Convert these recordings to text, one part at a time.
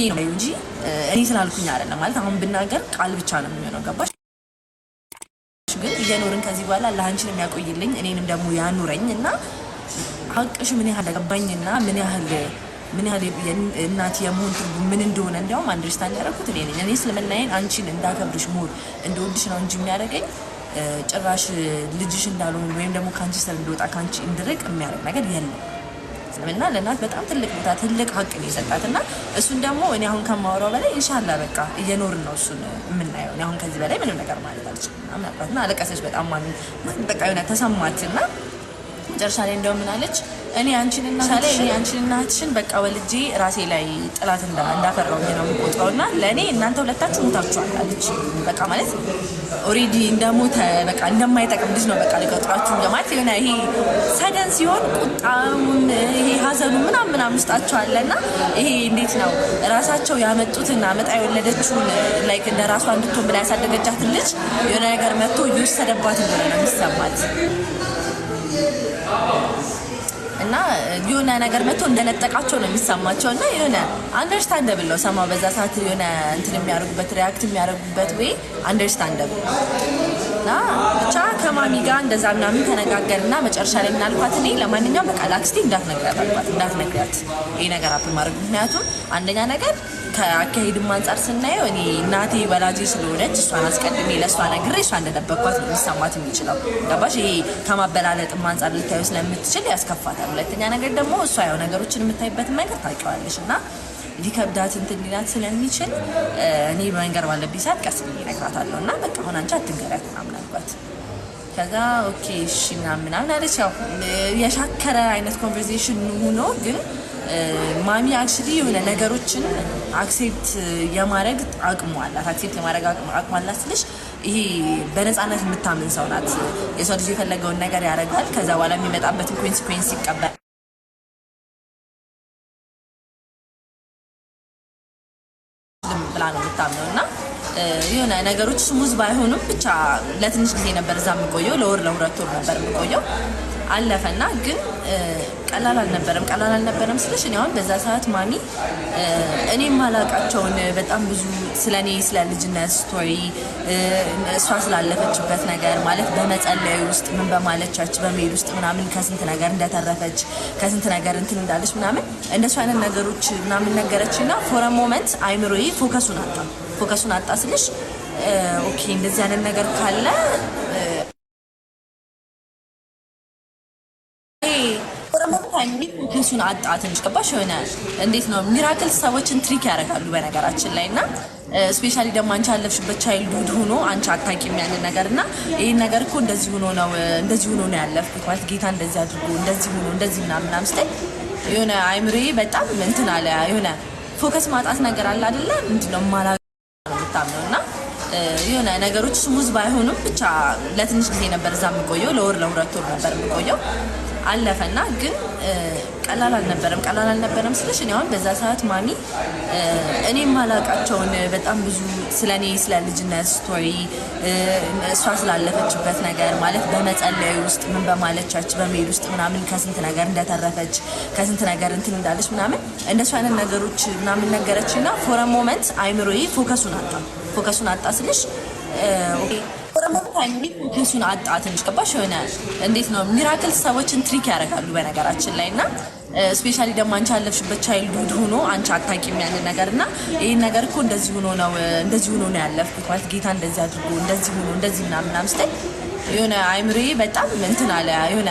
ይሄ ነው እንጂ እኔ ስላልኩኝ አይደለም። ማለት አሁን ብናገር ቃል ብቻ ነው የሚሆነው። ገባሽ? ግን እየኖርን ከዚህ በኋላ ለአንቺን የሚያቆይልኝ እኔንም ደግሞ ያኑረኝ እና ሀቅሽ ምን ያህል ገባኝ እና ምን ያህል ምን ያህል እናት የመሆን ትርጉም ምን እንደሆነ እንዲያውም አንደርስታንድ ያደረኩት እኔ ነኝ። እኔ እስልምናዬን አንቺን እንዳከብርሽ መሆን እንደወድሽ ነው እንጂ የሚያደርገኝ ጭራሽ ልጅሽ እንዳልሆን ወይም ደግሞ ከአንቺ ስር እንደወጣ ከአንቺ እንድርቅ የሚያደርግ ነገር የለም። አልችልም እና ለእናት በጣም ትልቅ ቦታ ትልቅ ሀቅ ነው የሰጣት እና እሱን ደግሞ እኔ አሁን ከማወራው በላይ እንሻላ በቃ እየኖርን ነው እሱን የምናየው። አሁን ከዚህ በላይ ምንም ነገር ማለት አልችልም ምናምን አለቀሰች። በጣም ማን በቃ የሆነ ተሰማች እና መጨረሻ ላይ እንደው ምናለች እኔ አንቺንና እኔ አንቺንና እህትሽን በቃ ወልጄ ራሴ ላይ ጥላት እንዳፈራሁኝ ነው የምቆጥረው እና ለእኔ እናንተ ሁለታችሁ ሙታችኋል አለች። በቃ ማለት ኦልሬዲ እንደሞተ በቃ እንደማይጠቅም ልጅ ነው በቃ ልቆጥራችሁ ማለት የሆነ ይሄ ሰደን ሲሆን ቁጣውን ይሄ ሀዘኑ ምናም ምናም ውስጣችኋለ እና ይሄ እንዴት ነው ራሳቸው ያመጡትና አመጣ የወለደችውን ላይክ እንደ ራሷ እንድትሆን ብላ ያሳደገቻትን ልጅ የሆነ ነገር መጥቶ እየወሰደባት እንደሆነ ነው የሚሰማት። እና የሆነ ነገር መጥቶ እንደነጠቃቸው ነው የሚሰማቸው። እና የሆነ አንደርስታንደብል ነው ሰማ በዛ ሰዓት የሆነ እንትን የሚያደርጉበት ሪያክት የሚያደርጉበት ወይ አንደርስታንደብል ነው። እና ብቻ ከማሚ ጋር እንደዛ ምናምን ተነጋገርና መጨረሻ ላይ ምናልኳት እኔ ለማንኛውም በቃ ለአክስቴ እንዳትነግሪያት አልኳት። እንዳትነግሪያት ነገር አፕል ማድረግ ምክንያቱም አንደኛ ነገር ከአካሄድም አንጻር ስናየው እኔ እናቴ ወላጄ ስለሆነች እሷን አስቀድሜ ለእሷ ነግሬ እሷ እንደደበኳት ሊሰማት የሚችለው። ገባሽ? ይሄ ከማበላለጥም አንጻር ልታዩ ስለምትችል ያስከፋታል። ሁለተኛ ነገር ደግሞ እሷ ያው ነገሮችን የምታይበትን መንገድ ታውቂዋለሽ እና ሊከብዳት እንትን ሊላት ስለሚችል እኔ መንገር ባለብኝ ሰዓት ቀስ ብዬ እነግራታለሁ እና በቃ አሁን አንቺ አትንገሪያት ምናምን አልኳት። ከዛ ኦኬ እሺ ምናምን ምናምን አለች። ያው የሻከረ አይነት ኮንቨርሴሽን ሆኖ ግን ማሚ አክቹሊ የሆነ ነገሮችን አክሴፕት የማድረግ አቅሙ አላት። አክሴፕት የማድረግ አቅሙ አላት ስልሽ ይሄ በነፃነት የምታምን ሰው ናት። የሰው ልጅ የፈለገውን ነገር ያደርጋል። ከዛ በኋላ የሚመጣበትን ኮንሲኩዌንስ ይቀበል ብላ ነው የምታምነው እና የሆነ ነገሮች ስሙዝ ባይሆኑም ብቻ ለትንሽ ጊዜ ነበር እዛ የምቆየው። ለወር ለሁለት ወር ነበር የምቆየው። አለፈና ግን ቀላል አልነበረም። ቀላል አልነበረም ስልሽ እኔ አሁን በዛ ሰዓት ማሚ እኔም አላቃቸውን በጣም ብዙ ስለ እኔ ስለ ልጅነት ስቶሪ እሷ ስላለፈችበት ነገር ማለት በመጸለይ ውስጥ ምን በማለቻች በመሄድ ውስጥ ምናምን ከስንት ነገር እንደተረፈች ከስንት ነገር እንትን እንዳለች ምናምን እንደሱ አይነት ነገሮች ምናምን ነገረችና ፎረ ሞመንት አይምሮዬ ፎከሱን አጣ። ፎከሱን አጣ ስልሽ ኦኬ እንደዚህ አይነት ነገር ካለ ታይም ላይ ሱን አጣ ትንሽ ገባሽ የሆነ እንዴት ነው ሚራክል ሰዎችን ትሪክ ያደርጋሉ በነገራችን ላይ እና ስፔሻሊ ደግሞ አንቺ ያለፍሽበት ቻይልድሁድ ሆኖ አንቺ አታውቂም ያንን ነገር እና ይህን ነገር እኮ እንደዚህ ሆኖ ነው እንደዚህ ሆኖ ነው ያለፍኩት ማለት ጌታ እንደዚህ አድርጎ እንደዚህ ሆኖ እንደዚህ ምናምን ምናምን ስትይ የሆነ አይምሮዬ በጣም እንትን አለ የሆነ ፎከስ ማጣት ነገር አለ አይደለ ምንድን ማላ ነው እና የሆነ ነገሮች ስሙዝ ባይሆኑም ብቻ ለትንሽ ጊዜ ነበር እዛ የምቆየው ለወር ለሁለት ወር ነበር የምቆየው አለፈና ግን ቀላል አልነበረም። ቀላል አልነበረም ስልሽ እኔ አሁን በዛ ሰዓት ማሚ እኔም አላውቃቸውን በጣም ብዙ ስለ እኔ ስለ ልጅነት ስቶሪ እሷ ስላለፈችበት ነገር ማለት በመጸለይ ውስጥ ምን በማለቻች በመሄድ ውስጥ ምናምን ከስንት ነገር እንደተረፈች ከስንት ነገር እንትን እንዳለች ምናምን እንደሱ አይነት ነገሮች ምናምን ነገረች እና ፎረ ሞመንት አይምሮዬ ፎከሱን አጣ ፎከሱን አጣ ስልሽ ሱን አጣት። ገባሽ የሆነ እንዴት ነው ሚራክል ሰዎችን ትሪክ ያደርጋሉ በነገራችን ላይ እና ስፔሻሊ ደግሞ አንቺ አለፍሽበት ቻይልድሁድ ሆኖ አንቺ አታውቂም ያንን ነገር እና ይህን ነገር እኮ እንደዚህ ሆኖ ነው እንደዚህ ሆኖ ነው ያለፍኩት ማለት ጌታ እንደዚህ አድርጎ እንደዚህ ሆኖ እንደዚህ ምናምን አምስተኝ የሆነ አይምሮዬ በጣም እንትን አለ የሆነ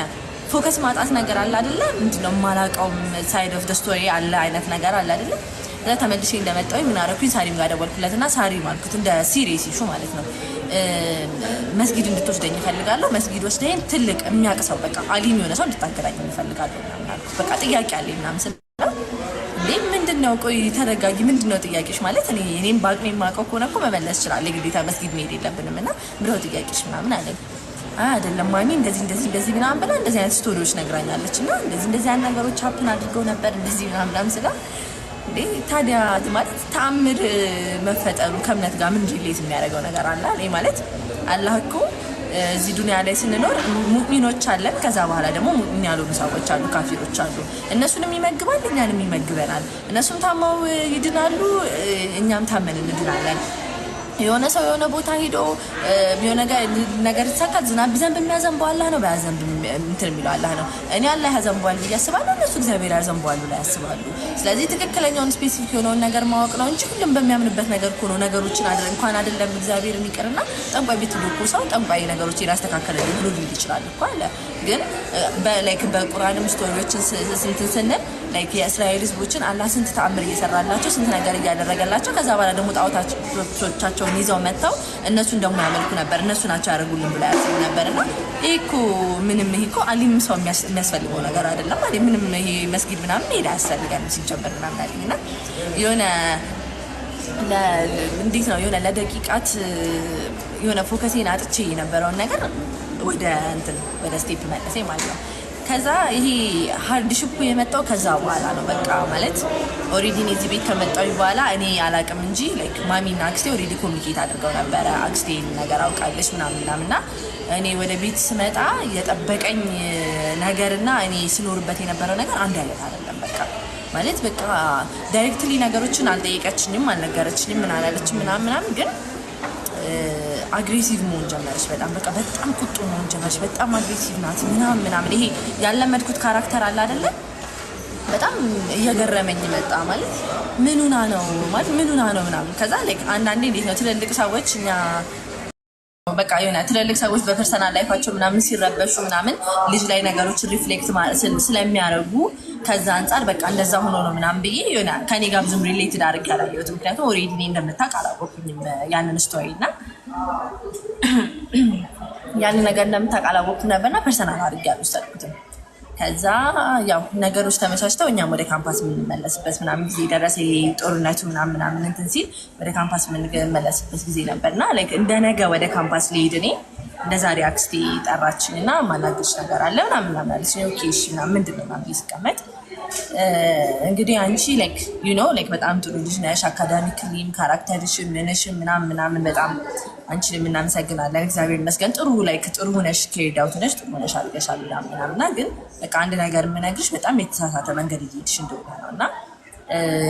ፎከስ ማጣት ነገር አለ አይደለ? ምንድነው የማላውቀውም ሳይድ ኦፍ ስቶሪ አለ አይነት ነገር አለ አይደለ? እዛ ተመልሼ እንደመጣሁኝ ምን አደረኩኝ? ሳሪም ጋር ደወልኩለት እና ሳሪም አልኩት እንደ ሲሪየስ ኢሹ ማለት ነው መስጊድ እንድትወስደኝ እፈልጋለሁ። መስጊድ ወስደኝ ትልቅ የሚያቅሰው በቃ አሊም የሆነ ሰው እንድታገናኝ እፈልጋለሁ። በቃ ጥያቄ አለኝ ምናምን ስል እንዴ ምንድን ነው ቆይ ተረጋጊ፣ ምንድን ነው ጥያቄሽ ማለት እኔ እኔም በአቅሜ የማውቀው ከሆነ እኮ መመለስ ይችላል። የግዴታ መስጊድ መሄድ የለብንም እና ምድው ጥያቄሽ ምናምን አለኝ። አይደለም ማሚ እንደዚህ እንደዚህ እንደዚህ ምናምን ብላ እንደዚህ አይነት ስቶሪዎች ነግራኛለች እና እንደዚህ እንደዚህ አይነት ነገሮች ሀፕን አድርገው ነበር እንደዚህ ምናምን ምናምን ስላ ታዲያ ማለት ተአምር መፈጠሩ ከእምነት ጋር ምን ሪሌት የሚያደርገው ነገር አለ? እኔ ማለት አላህ እኮ እዚህ ዱኒያ ላይ ስንኖር ሙእሚኖች አለን። ከዛ በኋላ ደግሞ ሙእሚን ያልሆኑ ሰዎች አሉ፣ ካፊሮች አሉ። እነሱንም ይመግባል፣ እኛንም ይመግበናል። እነሱም ታማው ይድናሉ፣ እኛም ታመን እንድናለን። የሆነ ሰው የሆነ ቦታ ሄዶ የሆነ ነገር ይሳካል። ዝናብ ቢዘንብ የሚያዘንበው አላህ ነው፣ ባያዘንብ እንትን የሚለው አላህ ነው። እኔ አላህ ያዘንበዋል ብዬ አስባለሁ፣ እነሱ እግዚአብሔር ያዘንበዋል ብላ ያስባሉ። ስለዚህ ትክክለኛውን ስፔሲፊክ የሆነውን ነገር ማወቅ ነው እንጂ ሁሉም በሚያምንበት ነገር እኮ ነው ነገሮችን አድረ እንኳን አይደለም እግዚአብሔር የሚቀርና ጠንቋይ ቤት ሄዶ ሰው ጠንቋይ ነገሮች ያስተካከለ ሊሉ ይችላል እኮ አለ። ግን በላይክ በቁርአንም ስቶሪዎችን ስንትን ስንል ላይክ የእስራኤል ህዝቦችን አላህ ስንት ተአምር እየሰራላቸው ስንት ነገር እያደረገላቸው ከዛ በኋላ ደግሞ ጣዖታቶቻቸውን ይዘው መጥተው እነሱን ደግሞ ያመልኩ ነበር። እነሱ ናቸው ያደርጉልን ብሎ ያስቡ ነበር። እና ይህ እኮ ምንም ይህ እኮ አሊም ሰው የሚያስፈልገው ነገር አይደለም። አ ምንም ይሄ መስጊድ ምናምን ሄዳ ያስፈልጋል ሲጀመር ምናምን አለኝ እና የሆነ እንዴት ነው የሆነ ለደቂቃት የሆነ ፎከሴን አጥቼ የነበረውን ነገር ወደ እንትን ወደ ስቴፕ መለሴ ማለት ነው። ከዛ ይሄ ሀርድ ሽፑ የመጣው ከዛ በኋላ ነው። በቃ ማለት ኦሬዲ እዚህ ቤት ከመጣሁ በኋላ እኔ አላቅም እንጂ ላይክ ማሚና አክስቴ ኦሬዲ ኮሚኒኬት አድርገው ነበረ። አክስቴ ነገር አውቃለች ምናምን ምናምን እና እኔ ወደ ቤት ስመጣ የጠበቀኝ ነገር ነገርና እኔ ስኖርበት የነበረው ነገር አንድ አይነት አይደለም። በቃ ማለት በቃ ዳይሬክትሊ ነገሮችን አልጠየቀችኝም፣ አልነገረችኝም፣ ምን አላለችም ምናምን ምናምን ግን አግሬሲቭ መሆን ጀመረች። በጣም በቃ በጣም ቁጡ መሆን ጀመረች። በጣም አግሬሲቭ ናት ምናምን ምናምን። ይሄ ያለመድኩት ካራክተር አለ አይደለ? በጣም እየገረመኝ መጣ። ማለት ምኑና ነው ማለት ምኑና ነው ምናምን። ከዛ ላይክ አንዳንዴ እንዴት ነው ትልልቅ ሰዎች እኛ በቃ የሆነ ትልልቅ ሰዎች በፐርሰናል ላይፋቸው ምናምን ሲረበሹ ምናምን ልጅ ላይ ነገሮች ሪፍሌክት ስለሚያደርጉ ከዛ አንጻር በቃ እንደዛ ሆኖ ነው ምናምን ብዬ የሆነ ከኔ ጋር ብዙም ሪሌትድ አድርጌ አላየሁትም። ምክንያቱም ኦልሬዲ እኔ እንደምታውቅ አላወኩኝም ያንን ስቶሪ እና ያንን ነገር እንደምታውቅ አላወቅኩም ነበር እና ፐርሰናል አድርጌ አልወሰድኩትም። ከዛ ያው ነገሮች ተመቻችተው እኛም ወደ ካምፓስ የምንመለስበት ምናምን ጊዜ ደረሰ። ጦርነቱ ምናምን ምናምን እንትን ሲል ወደ ካምፓስ የምንመለስበት ጊዜ ነበርና እንደ ነገ ወደ ካምፓስ ሊሄድ እኔ እንደ ዛሬ አክስቴ ጠራችኝ እና ማናገርሽ ነገር አለ ምናምን ምናምን አለች። ኦኬ እሺ ምናምን ምንድን ነው ምናምን ሲቀመጥ እንግዲህ አንቺ ላይክ ዩ ኖ ላይክ በጣም ጥሩ ልጅ ነሽ። አካዳሚክሊም ካራክተርሽም ምንሽም ምናምን ምናምን በጣም አንቺን እናመሰግናለን። እግዚአብሔር ይመስገን። ጥሩ ላይክ ጥሩ ነሽ፣ ከሄዳውት ነሽ፣ ጥሩ ነሽ አድርገሻል ምናምን እና ግን በቃ አንድ ነገር የምነግርሽ በጣም የተሳሳተ መንገድ እየሄድሽ እንደሆነ ነው እና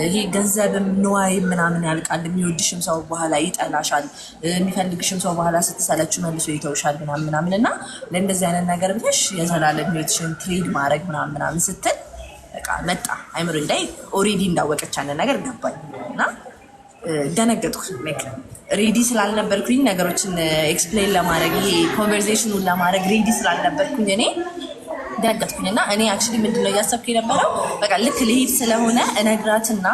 ይሄ ገንዘብም ንዋይ ምናምን ያልቃል። የሚወድሽም ሰው በኋላ ይጠላሻል። የሚፈልግሽም ሰው በኋላ ስትሰለችው መልሶ ይተውሻል ምናምን ምናምን እና ለእንደዚህ አይነት ነገር ብለሽ የዘላለም ሕይወትሽን ትሬድ ማድረግ ምናምን ምናምን ስትል በቃ መጣ አይምሮ ላይ ኦሬዲ እንዳወቀች ያለ ነገር ገባኝ እና ደነገጥኩ። ሬዲ ስላልነበርኩኝ ነገሮችን ኤክስፕሌን ለማድረግ ይሄ ኮንቨርሴሽኑን ለማድረግ ሬዲ ስላልነበርኩኝ እኔ ደነገጥኩኝ እና እኔ አክቹዋሊ ምንድነው እያሰብኩ የነበረው በቃ ልክ ልሂድ ስለሆነ እነግራትና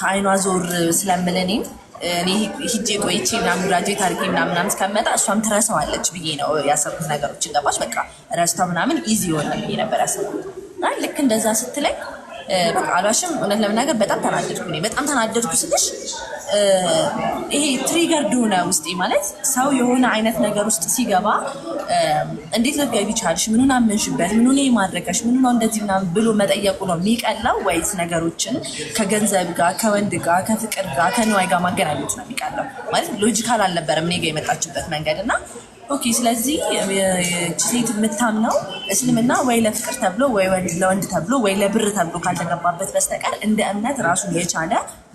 ከአይኗ ዞር ስለምል እኔም ሂጄ ቆይቼ ምናምን ግራጁዌት አድርጌ ምናምን እስከመጣ እሷም ትረሳዋለች ብዬ ነው ያሰብኩት ነገሮችን ገባች በቃ ረስታ ምናምን ኢዚ ሆነ ብዬ ነበር ያሰብኩት። ልክ እንደዛ ስትለኝ በቃ አሏሽም እውነት ለመናገር በጣም ተናደድኩ። እኔ በጣም ተናደድኩ ስልሽ ይሄ ትሪገር ድሆነ ውስጤ። ማለት ሰው የሆነ አይነት ነገር ውስጥ ሲገባ እንዴት ልትገቢ ቻልሽ? ምኑን አመንሽበት? ምኑን ማድረገሽ? ምኑ ነው እንደዚህ ምናምን ብሎ መጠየቁ ነው የሚቀለው ወይስ ነገሮችን ከገንዘብ ጋር፣ ከወንድ ጋር፣ ከፍቅር ጋር፣ ከንዋይ ጋር ማገናኘት ነው የሚቀለው? ማለት ሎጂካል አልነበረም እኔ ጋ የመጣችበት መንገድ እና ኦኬ። ስለዚህ ይህች ሴት የምታምነው እስልምና ወይ ለፍቅር ተብሎ ወይ ለወንድ ተብሎ ወይ ለብር ተብሎ ካልተገባበት በስተቀር እንደ እምነት ራሱን የቻለ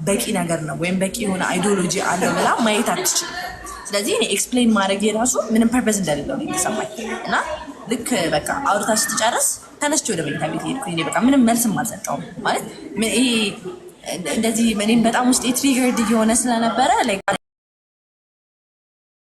በቂ ነገር ነው ወይም በቂ የሆነ አይዲዮሎጂ አለው ብላ ማየት አትችልም። ስለዚህ እኔ ኤክስፕሌን ማድረግ የራሱ ምንም ፐርፐዝ እንደሌለው ነው የተሰማኝ እና ልክ በቃ አውርታ ስትጨርስ ተነስቼ ወደ መኝታ ቤት ሄድኩኝ። በቃ ምንም መልስም አልሰጠውም ማለት ይሄ እንደዚህ እኔም በጣም ውስጥ የትሪገርድ እየሆነ ስለነበረ